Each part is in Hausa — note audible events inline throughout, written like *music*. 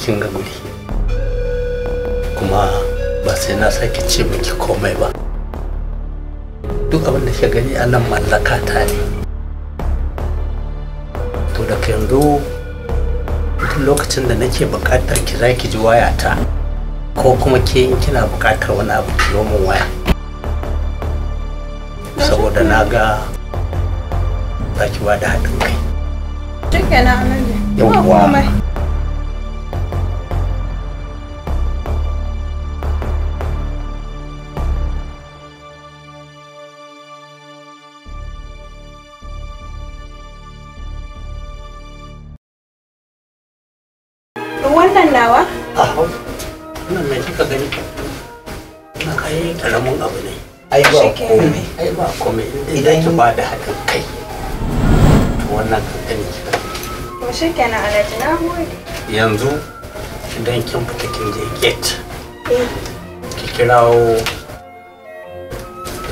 cikin ga kuma ba sai na sake ce miki komai ba duk abin da ke gani a nan mallaka ta ne to da yanzu duk lokacin da nake bukatar ki za ki ji ta ko kuma ke kina bukatar wani abu ki mun waya saboda na ga za ki ba da haɗin kai. Duk Yawwa. ayi karamin abu ne ai ba komai ai ba komai idan ba da haɗin kai to wannan ki yanzu idan kin fita kin je gate eh. ki kirawo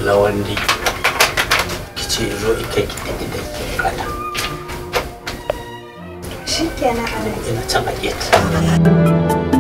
lawandi ki ce zo ike ki gidan ki ina can a gate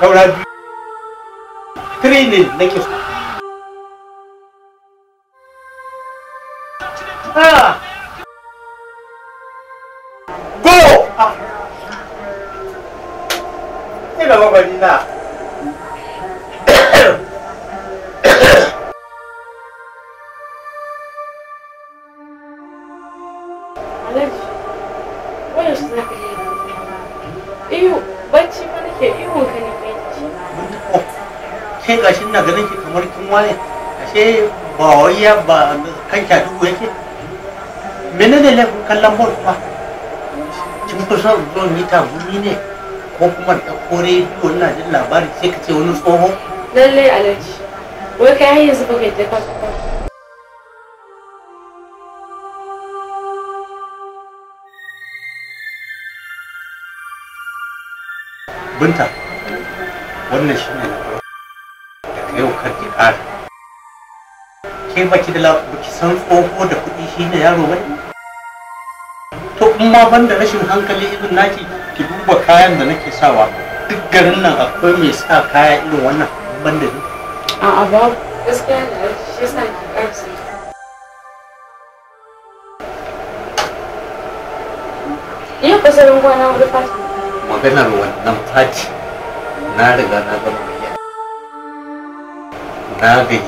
saura biyu training nake so ke shi na ganin ki kamar kin ware ashe ba wai ya ba kan kya dubu yake menene laifin kallon bol kuma kin fi son zon yi tagumi ne ko kuma da kore wannan jin labari sai ka ce wani tsoho lalle alaji wai kai har yanzu ba kai da kanka binta wannan shi ne yau kar ki kare ke baki da ki san tsoho da kuɗi shi ne yaro ba to in ma banda rashin hankali irin naki ki duba kayan da nake sawa duk garin nan akwai mai sa kaya irin wannan banda ni a'a ba gaskiya da shi yasa ki ƙarfi Iya kusurin gona wani fati. Maganar wannan fati na riga na gaba. na gayyaci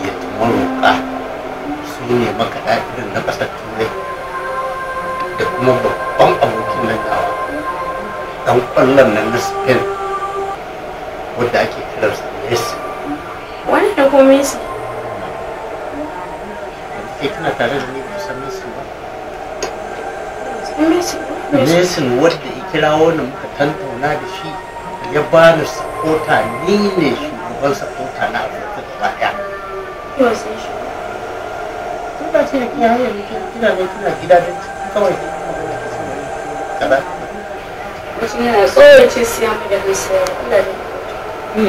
maroƙa su ne makaɗa irin na ƙasar turai da kuma babban abokin nan nawa ɗan ƙwallon nan na spain wadda ake kiransa messi wani da ko messi kai tana tare da ni kusan messi ba messi wadda ya kira wani muka tantauna da shi ya bani sakota ni ne shugaban sakota yau sun kina gida kawai so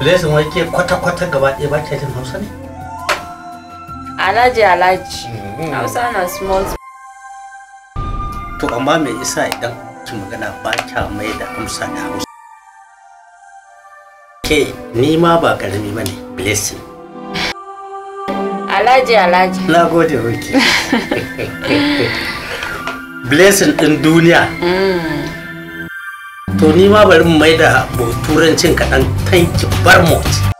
Lesin wake kwata-kwata gaba ɗaya ba jin Hausa ne? Alhaji Alhaji, mm-hmm. Hausa na small. To amma me isa idan ki magana ba kya mai da amsa da Hausa? Ke ni ma ba karami ba ne, Blessing. Alhaji Alhaji. Na gode wiki. *laughs* Blessing ɗin duniya. Mm. to ni ma bari mu mai da turancin kaɗan thank you very much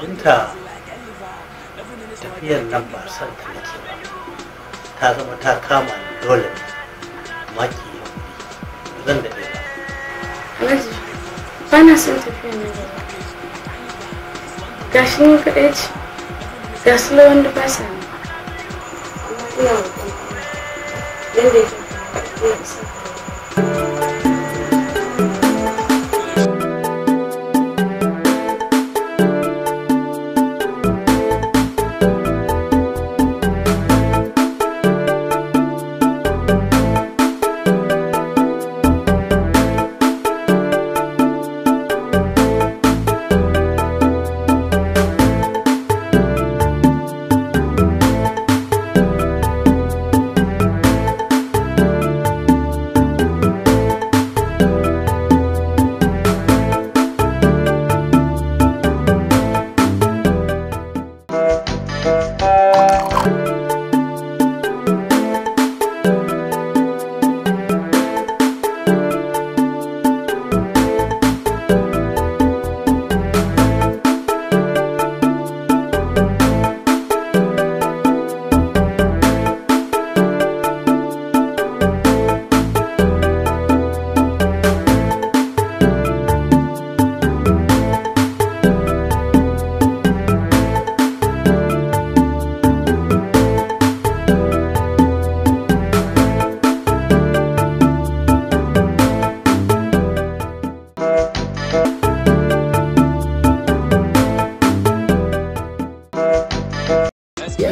binta tafiyar nan ba son ta nake ba ta zama ta kama ni dole ne maki ki yi zan da ba. Alhaji ba na son tafiyar nan ga shi ne kaɗai ce ga su lawan da ba sa ne. Ina mutum yadda ya ke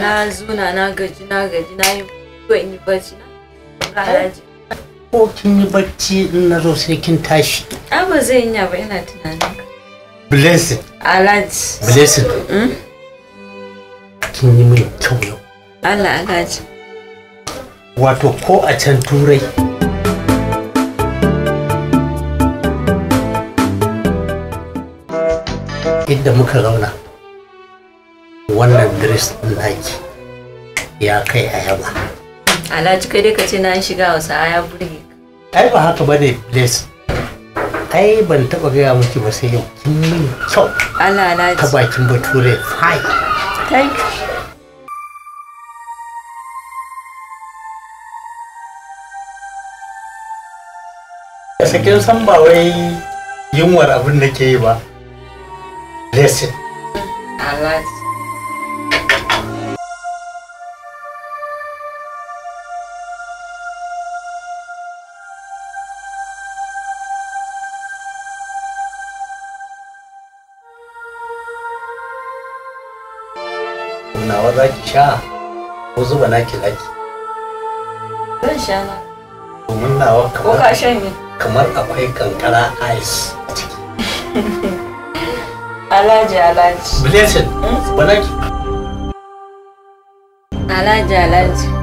na zuna na gaji na gaji na yi to in yi bacci na ko kin yi bacci in na zo sai kin tashi a ba zai yi ba ina tunanin ka blessing alhaji blessing hmm? kin yi min kyau yau Allah alhaji wato ko a can turai inda muka zauna wannan dress din naki ya kai a yaba alhaji kai dai ka ce na shiga wasa ya burge ai ba haka bane please ai ban taba gaya miki ba sai yau kin yi kyau Allah alhaji ka bakin bature fine thank you cikin san ba wai yunwar abin da ke yi ba. Blessing. Allah nawa za ki sha ko zuba na ki laki zan sha na domin nawa kamar ka kamar akwai kankara ice a ciki *laughs* alaji alaji blessing hmm? ba ki alaji alaji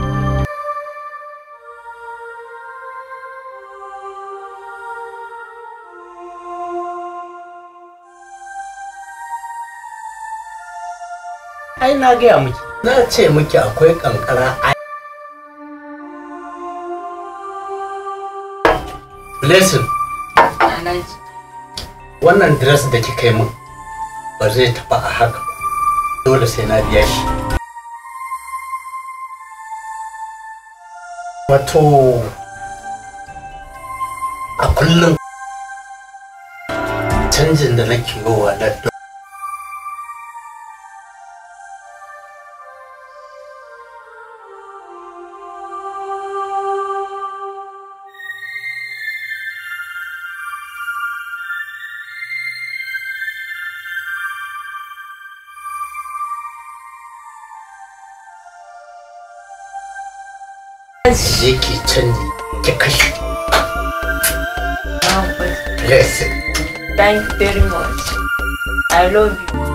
ai na gaya miki na ce miki akwai kankara ai blessing wannan dress da kika yi min ba zai tafi a haka ba dole sai na biya shi wato a kullum canjin da nake yowa na She kitchen Kakashi. Bless it. Thank you very much. I love you.